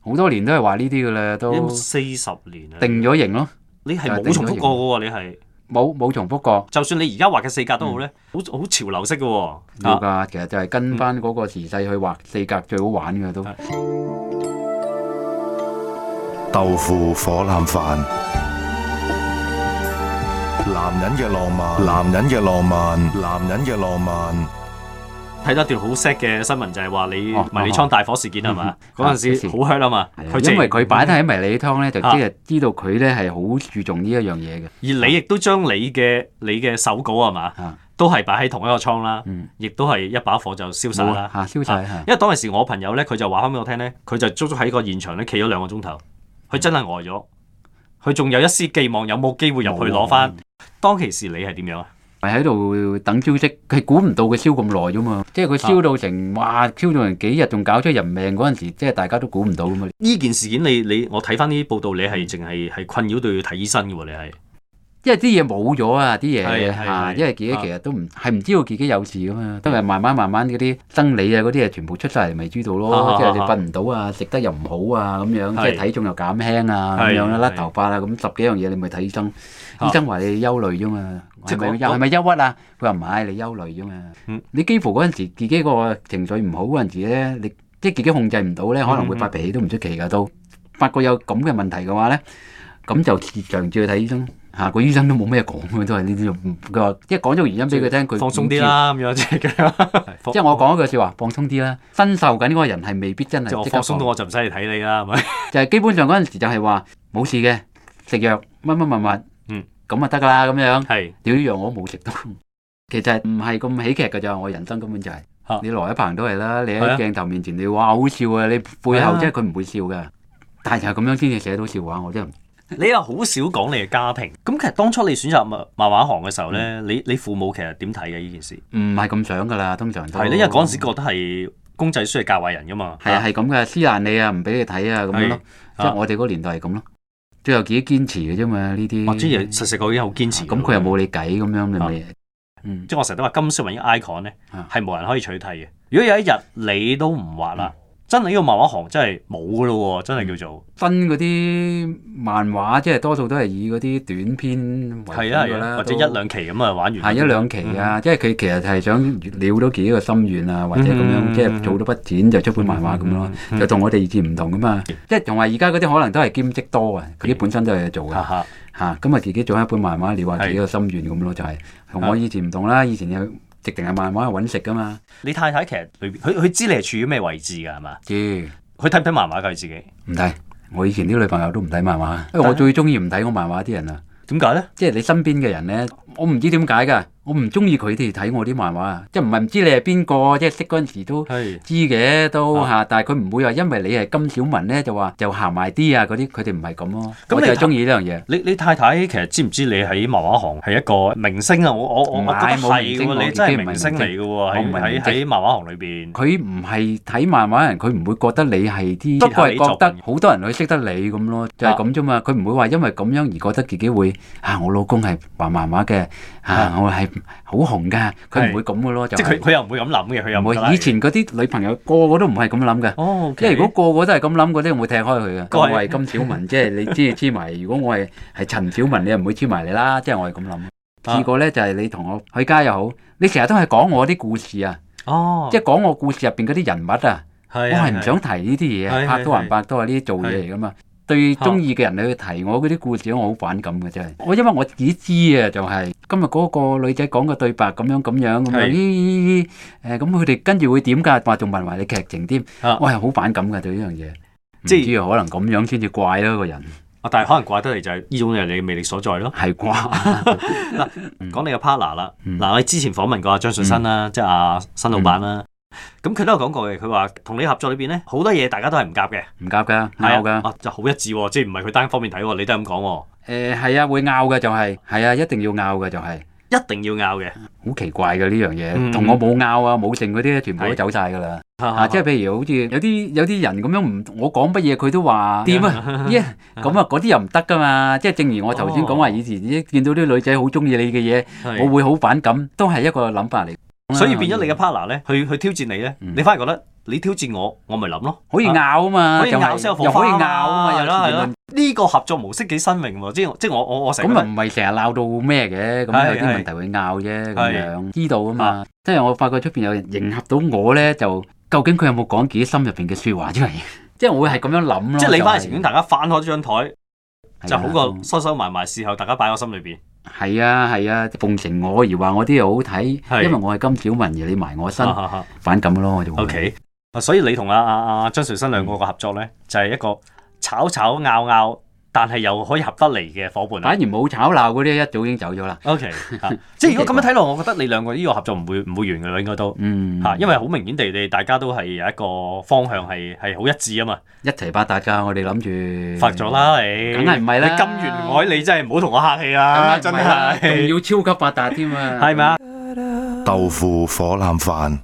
好多年都係畫呢啲噶啦，都四十年啊。定咗型咯，你係冇重複過喎，你係冇冇重複過。就算你而家畫嘅四格都好咧，好好潮流式嘅喎。有㗎，其實就係跟翻嗰個時勢去畫四格最好玩嘅都。豆腐火腩飯。男人嘅浪漫，男人嘅浪漫，男人嘅浪漫。睇到條好 sad 嘅新聞，就係話你迷你倉大火事件係嘛？嗰陣時好 hurt 啊嘛，佢因為佢擺低喺迷你倉咧，就即係知道佢咧係好注重呢一樣嘢嘅。而你亦都將你嘅你嘅手稿係嘛，都係擺喺同一個倉啦，亦都係一把火就燒晒啦，燒晒。因為當陣時我朋友咧，佢就話翻俾我聽咧，佢就足足喺個現場咧企咗兩個鐘頭，佢真係呆咗，佢仲有一絲寄望有冇機會入去攞翻。當其時你係點樣啊？係喺度等消息，佢估唔到佢燒咁耐咋嘛？即係佢燒到成哇，燒到人幾日，仲搞出人命嗰陣時，即係大家都估唔到噶嘛？呢件事件，你你我睇翻啲報道，你係淨係係困擾到要睇醫生嘅喎？你係因為啲嘢冇咗啊，啲嘢因為自己其實都唔係唔知道自己有事噶嘛。都係慢慢慢慢嗰啲生理啊，嗰啲嘢全部出晒嚟，咪知道咯。即係你瞓唔到啊，食得又唔好啊，咁樣即係體重又減輕啊，咁樣甩頭髮啊，咁十幾樣嘢，你咪睇醫生。醫生話你憂慮啫嘛，係咪憂係咪憂鬱啊？佢話唔係，你憂慮啫嘛。嗯、你幾乎嗰陣時自己個情緒唔好嗰陣時咧，你即係自己控制唔到咧，可能會發脾氣都唔出奇噶。都發覺有咁嘅問題嘅話咧，咁就直接直接去睇醫生嚇。個醫生都冇咩講，都係呢啲。佢話即係講咗原因俾佢聽，佢放鬆啲啦，咁樣 即係。我講一句説話，放鬆啲啦。身受緊嗰個人係未必真係。放鬆到我就唔使嚟睇你啦，係咪？就係基本上嗰陣時就係話冇事嘅，食藥乜乜乜乜。咁啊得噶啦，咁樣，係，呢樣我都冇食到。其實唔係咁喜劇噶咋，我人生根本就係，你來一朋都係啦。你喺鏡頭面前你話好笑嘅，你背後即係佢唔會笑嘅。但係就咁樣先至寫到笑話，我真係。你又好少講你嘅家庭。咁其實當初你選擇漫畫行嘅時候咧，你你父母其實點睇嘅呢件事？唔係咁想噶啦，通常都係咧，因為嗰陣時覺得係公仔書係教壞人噶嘛。係係咁嘅，撕爛你啊，唔俾你睇啊，咁樣咯。即係我哋嗰年代係咁咯。最後自己堅持嘅啫嘛，呢啲。我之前十四個月已經好堅持。咁佢又冇你計咁樣，咪嗯，嗯即我成日都話金斯雲呢 icon 呢，係、啊、無人可以取替嘅。如果有一日你都唔畫啦。嗯真係呢個漫畫行真係冇噶咯喎，真係叫做分嗰啲漫畫，即係多數都係以嗰啲短篇為係啦，或者一兩期咁啊玩完係一兩期啊，即係佢其實係想撩到自己個心願啊，或者咁樣即係做咗筆錢就出本漫畫咁咯，就同我哋以前唔同噶嘛，即係同埋而家嗰啲可能都係兼職多啊，佢啲本身都係做嘅。吓咁啊自己做一本漫畫，你話自己個心願咁咯，就係同我以前唔同啦，以前有。食定係漫畫去揾食㗎嘛？你太太其實裏邊佢，佢知你係處於咩位置㗎？係嘛？知道。佢睇唔睇漫畫㗎？佢自己唔睇。我以前啲女朋友都唔睇漫畫。的因為我最鍾意唔睇我漫畫啲人啊。點解咧？即係你身邊嘅人咧。我唔知點解噶，我唔中意佢哋睇我啲漫畫啊！即係唔係唔知你係邊個？即係識嗰陣時都知嘅都嚇，但係佢唔會話因為你係金小文咧就話就行埋啲啊嗰啲，佢哋唔係咁咯。我就中意呢樣嘢。你你太太其實知唔知你喺漫畫行係一個明星啊？我我我冇得睇喎，你真係明星嚟嘅喎，喺喺喺漫畫行裏邊。佢唔係睇漫畫人，佢唔會覺得你係啲不過係覺得好多人佢識得你咁咯，就係咁啫嘛。佢唔會話因為咁樣而覺得自己會啊我老公係畫漫畫嘅。吓，我係好紅噶，佢唔會咁嘅咯，就佢佢又唔會咁諗嘅，佢又唔會。以前嗰啲女朋友個個都唔係咁諗嘅，即係如果個個都係咁諗，嗰啲我會踢開佢嘅。我係金小文，即係你知黐埋。如果我係係陳小文，你又唔會黐埋你啦。即係我係咁諗。第二個咧就係你同我去街又好，你成日都係講我啲故事啊，即係講我故事入邊嗰啲人物啊，我係唔想提呢啲嘢，拍拖還拍拖，係呢啲做嘢嚟噶嘛。對中意嘅人去提我嗰啲故事我好反感嘅真係。我因為我自己知、就係、啊，就係今日嗰個女仔講嘅對白咁樣咁樣咁咦？誒咁佢哋跟住會點㗎？話仲問埋你劇情添。我係，好反感嘅對呢樣嘢。即係可能咁樣先至怪咯，個人。啊、但係可能怪得嚟就係呢種人嘅魅力所在咯。係啩？嗱，講你個 partner 啦。嗱、嗯，我、嗯啊、之前訪問過阿張順新啦，即係、啊、阿新老闆啦。啊啊咁佢都有講過嘅，佢話同你合作裏邊咧，好多嘢大家都係唔夾嘅，唔夾噶拗噶，就好一致，即係唔係佢單方面睇，你都係咁講。誒係啊，會拗嘅就係，係啊，一定要拗嘅就係，一定要拗嘅，好奇怪嘅呢樣嘢，同我冇拗啊冇剩嗰啲，全部都走晒噶啦。即係譬如好似有啲有啲人咁樣，唔，我講乜嘢佢都話掂啊，咁啊，嗰啲又唔得噶嘛，即係正如我頭先講話，以前啲見到啲女仔好中意你嘅嘢，我會好反感，都係一個諗法嚟。所以變咗你嘅 partner 咧，去去挑戰你咧，你反而覺得你挑戰我，我咪諗咯，可以拗啊嘛，可以拗先有火花啊嘛，係咯係咯。呢個合作模式幾新穎喎，即即我我我成咁又唔係成日鬧到咩嘅，咁有啲問題會拗啫，咁樣知道啊嘛。即係我發覺出邊有人迎合到我咧，就究竟佢有冇講自己心入邊嘅說話出嚟？因為即係我會係咁樣諗咯。即係你反而情願，大家翻開張台就好過收收埋埋，事後大家擺喺心裏邊。係啊係啊，奉承我而話我啲嘢好睇，是因為我係金曉文而你埋我身，啊啊啊、反感咯，我就會。O、okay. K，所以你同阿阿阿張瑞生兩個個合作呢，嗯、就係一個吵吵拗拗。但係又可以合得嚟嘅伙伴，反而冇吵鬧嗰啲一早已經走咗啦。OK，即係如果咁樣睇落，我覺得你兩個呢個合作唔會唔會完㗎啦，應該都，嚇，因為好明顯地，你大家都係有一個方向係係好一致啊嘛，一齊發達㗎，我哋諗住發咗啦，你，梗係唔係啦？金元愛你真係唔好同我客氣啊，真係，仲要超級發達添啊，係咪？豆腐火腩飯，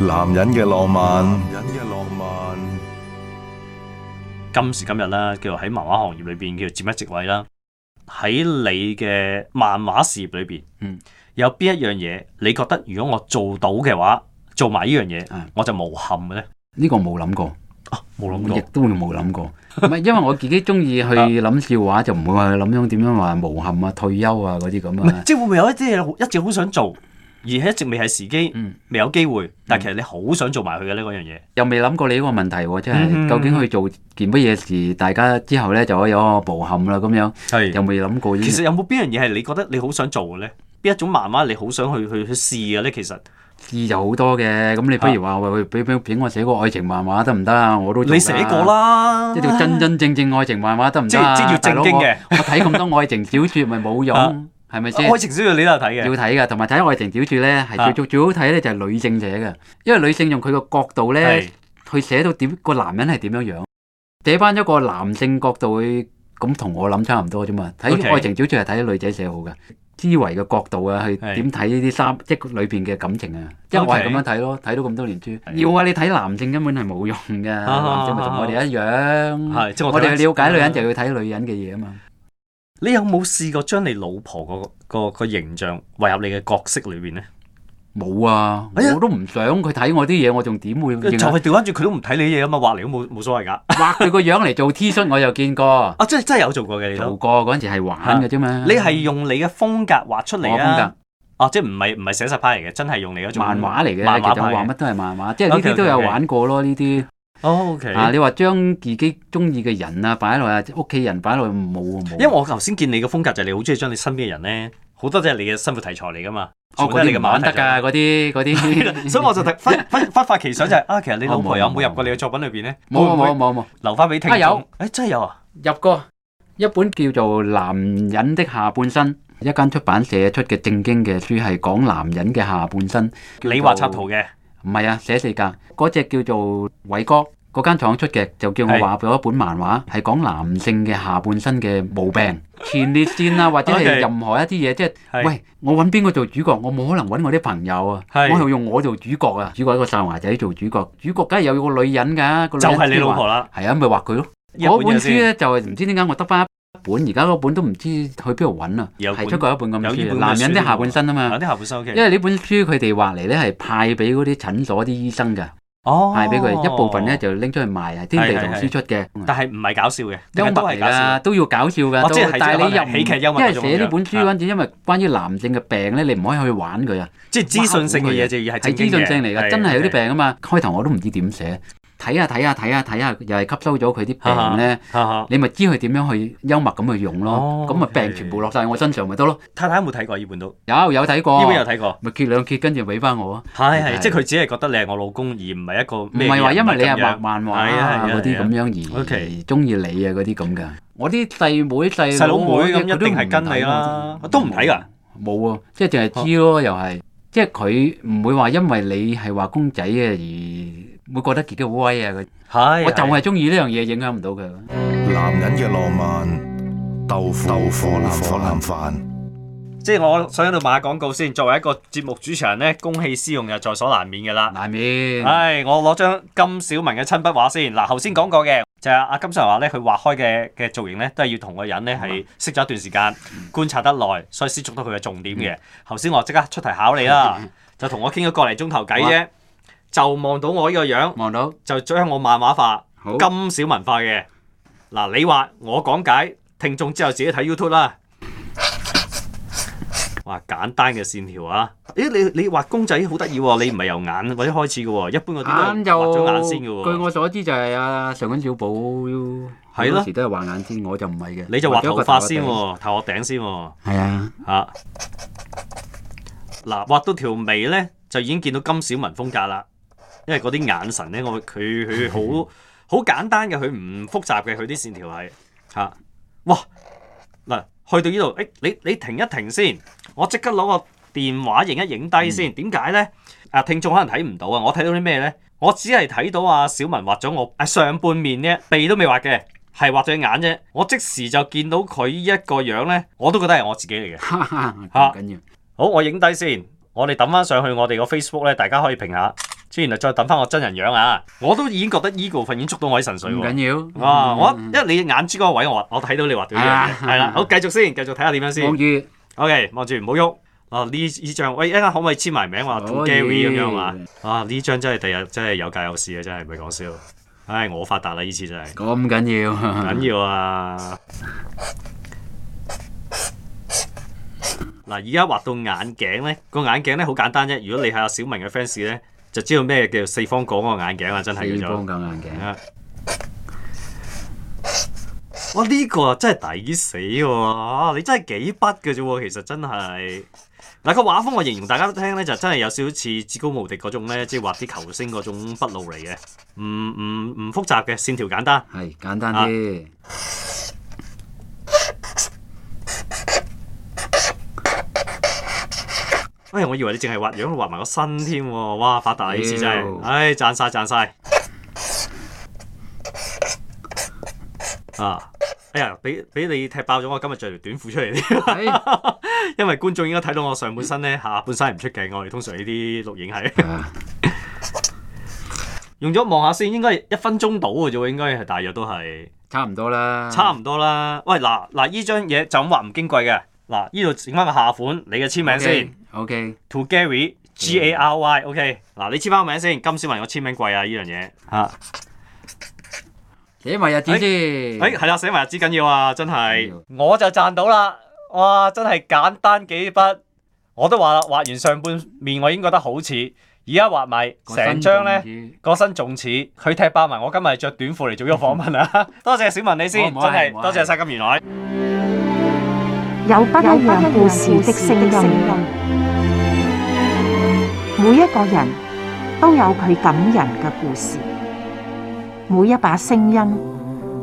男人嘅浪漫。今時今日啦，叫做喺漫畫行業裏邊叫做佔一席位啦。喺你嘅漫畫事業裏邊，嗯，有邊一樣嘢你覺得如果我做到嘅話，做埋呢樣嘢，嗯、我就無憾嘅咧？呢個冇諗過，啊，冇諗過，亦都會冇諗過。唔係，因為我自己中意去諗笑話，就唔會話諗樣點樣話無憾啊、退休啊嗰啲咁啊。即係會唔會有一啲嘢一直好想做？而係一直未係時機，嗯、未有機會。但係其實你好想做埋佢嘅呢樣嘢。又未諗過你呢個問題喎，即係、嗯、究竟去做件乜嘢事？大家之後咧就可以有個步陷啦咁樣。係是。又未諗過，其實有冇邊樣嘢係你覺得你好想做嘅咧？邊一種漫畫你好想去去去試嘅咧？其實試就好多嘅。咁你不如話我俾俾我寫個愛情漫畫得唔得啊？我都你寫過啦。一條真真正正，正愛情漫畫得唔得即要啊？正經嘅。大佬。我睇咁多愛情小説咪冇用。啊係咪先？愛情小説你都有睇嘅，要睇嘅。同埋睇愛情小説咧，係最最好睇咧，就係女性寫嘅，因為女性用佢個角度咧，去寫到點個男人係點樣樣。寫返一個男性角度會咁，同我諗差唔多啫嘛。睇愛情小説係睇女仔寫好嘅，思維嘅角度啊，去點睇呢啲三即係裏邊嘅感情啊。因為咁樣睇咯，睇到咁多年書。要啊，你睇男性根本係冇用嘅，因為同我哋一樣。我。我哋去了解女人就要睇女人嘅嘢啊嘛。你有冇試過將你老婆、嗰個、嗰個形象畫入你嘅角色裏邊咧？冇啊，我都唔想佢睇我啲嘢，哎、呀我仲點會？就係調翻住，佢都唔睇你啲嘢啊嘛，畫嚟都冇冇所謂噶，畫佢個樣嚟做 T 恤，shirt, 我又見過啊，即真係有做過嘅，你做過嗰陣時係玩㗎啫嘛。你係用你嘅風格畫出嚟嘅？哦、風格啊？哦，即係唔係唔係寫實派嚟嘅，真係用你嗰種漫畫嚟嘅，畫乜都係漫畫，即係呢啲都有玩過咯，呢啲。哦，OK。啊，你話將自己中意嘅人啊，擺落去屋企人擺落去冇冇。因為我頭先見你嘅風格就係你好中意將你身邊嘅人咧，好多都係你嘅生活題材嚟噶嘛。哦，你嘅漫得㗎嗰啲嗰啲。所以我就突發發發奇想，就係啊，其實你老婆有冇入過你嘅作品裏邊咧？冇冇冇冇。留翻俾聽友。誒，真係有啊！入過一本叫做《男人的下半身》，一間出版社出嘅正經嘅書，係講男人嘅下半身。你畫插圖嘅。唔係啊，寫四格嗰隻叫做偉哥嗰間廠出嘅，就叫我畫咗一本漫畫，係講男性嘅下半身嘅毛病，前列腺啊或者係任何一啲嘢，即係，喂，我揾邊個做主角？我冇可能揾我啲朋友啊，我係用我做主角啊，主角一個細華仔做主角，主角梗係有個女人㗎，就係你老婆啦，係啊，咪畫佢咯。我本書咧就唔知點解我得返。本而家嗰本都唔知去邊度揾啊！提出過一本咁有嘢。男人啲下半身啊嘛，因為呢本書佢哋話嚟咧係派俾嗰啲診所啲醫生嘅，派俾佢一部分咧就拎出去賣，係天地圖書出嘅。但係唔係搞笑嘅幽默嚟㗎，都要搞笑㗎，但係你入喜劇幽默。因為寫呢本書，嗰陣時因為關於男性嘅病咧，你唔可以去玩佢啊，即係資訊性嘅嘢，係資訊性嚟㗎，真係有啲病啊嘛。開頭我都唔知點寫。睇下睇下睇下睇下，又係吸收咗佢啲病咧，你咪知佢點樣去幽默咁去用咯。咁咪病全部落曬我身上，咪得咯。太太有冇睇過呢本都？有有睇過，呢本有睇過，咪揭兩揭，跟住俾翻我。係係，即係佢只係覺得你係我老公，而唔係一個。唔係話因為你係畫漫畫啊嗰啲咁樣而鍾意你啊嗰啲咁㗎。我啲細妹細細佬妹咁一定係跟你啦，都唔睇㗎。冇啊，即係淨係知咯，又係即係佢唔會話因為你係話公仔啊而。會覺得自己好威啊！佢，係、係、我就係中意呢樣嘢，影響唔到佢。男人嘅浪漫，豆腐、豆腐火腩飯。即係我想喺度買下廣告先。作為一個節目主持人咧，公器私用又在所難免嘅啦。難免。係，我攞張金小明嘅親筆畫先。嗱，頭先講過嘅就係、是、阿金常話咧，佢畫開嘅嘅造型咧，都係要同個人咧係識咗一段時間，嗯、觀察得耐，所以先捉到佢嘅重點嘅。頭先、嗯、我即刻出題考你啦，就同我傾咗個嚟鐘頭偈啫。就望到我呢個樣，望到就將我漫畫化好金小文化嘅嗱、啊，你畫我講解聽眾之後自己睇 YouTube 啦。 哇，簡單嘅線條啊！咦、欸，你你畫公仔好得意喎，你唔係由眼或者開始嘅喎、啊，一般我啲都畫咗眼先嘅喎、啊。據我所知就係啊，上官小寶嗰時都係畫眼先，我就唔係嘅。啊、你就畫個頭髮先喎、啊，頭殼頂先喎。係啊，啊嗱、啊，畫到條眉咧就已經見到金小文風格啦。因為嗰啲眼神咧，我佢佢好好簡單嘅，佢唔複雜嘅，佢啲線條係吓，哇嗱，去到呢度，誒、欸，你你停一停先，我即刻攞個電話影一影低先。點解咧？啊，聽眾可能睇唔到啊。我睇到啲咩咧？我只係睇到啊，小文畫咗我啊上半面啫，鼻都未畫嘅，係畫咗眼啫。我即時就見到佢一個樣咧，我都覺得係我自己嚟嘅。咁緊 要、啊，好，我影低先，我哋抌翻上去我哋個 Facebook 咧，大家可以評下。先，然再等翻我真人樣啊！我都已經覺得依個部分已經捉到我啲神髓喎。緊要哇！我因為你眼珠嗰個位，我我睇到你畫啲嘢，係啦。好，繼續先，繼續睇下點樣先。望住意。O K，望住，唔好喐。啊，呢呢張喂，一陣可唔可以簽埋名？我話 Gary 咁樣嘛。啊，呢張真係第日真係有價有市啊！真係唔係講笑。唉、哎，我發達啦！呢次真係。咁緊要緊、嗯、要啊！嗱，而家畫到眼鏡咧，個眼鏡咧好簡單啫。如果你係阿小明嘅 fans 咧。就知道咩叫四方角嗰個眼鏡啊！真係叫做四方角眼鏡、啊。哇！呢、呢個真啊真係抵死喎！你真係幾筆嘅啫喎，其實真係嗱、嗰個畫風我形容大家聽咧，就真係有少少似至高無敵嗰種咧，即係畫啲球星嗰種筆路嚟嘅，唔唔唔複雜嘅，線條簡單，係簡單啲。啊喂、哎，我以為你淨係畫樣，畫埋個身添喎！哇，發達意思、欸、真係，唉，讚晒讚晒！啊！ 哎呀，俾俾你踢爆咗，我今日着條短褲出嚟、 哎，因為觀眾應該睇到我上半身咧，下半身唔出鏡，我哋通常呢啲錄影係、 哎、呀用咗望下先，應該一分鐘到嘅啫喎，應該係大約都係差唔多啦，差唔多啦。喂，嗱嗱，依張嘢就咁畫唔矜貴嘅。嗱，呢度整翻個下款，你嘅簽名先。O Okay , K okay,。To Gary G A R Y。O K。嗱，你簽翻個名先。金小文我簽名貴啊，呢樣嘢。吓、啊。寫埋日子先。哎，係啦，寫埋日子緊要啊，真係。要我就賺到啦。哇，真係簡單幾筆。我都話啦，畫完上半面我已經覺得好似，而家畫埋成張咧，個身仲似。佢踢爆埋，我今日着短褲嚟做咗個訪問啊。 多謝小文你先，真係多謝晒金元海。有不一樣故事的聲音，每一個人都有佢感人嘅故事，每一把聲音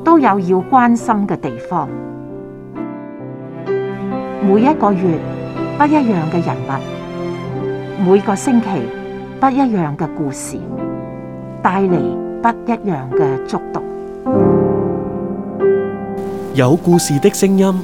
都有要關心嘅地方，每一個月不一樣嘅人物，每個星期不一樣嘅故事，帶嚟不一樣嘅觸動。有故事的聲音。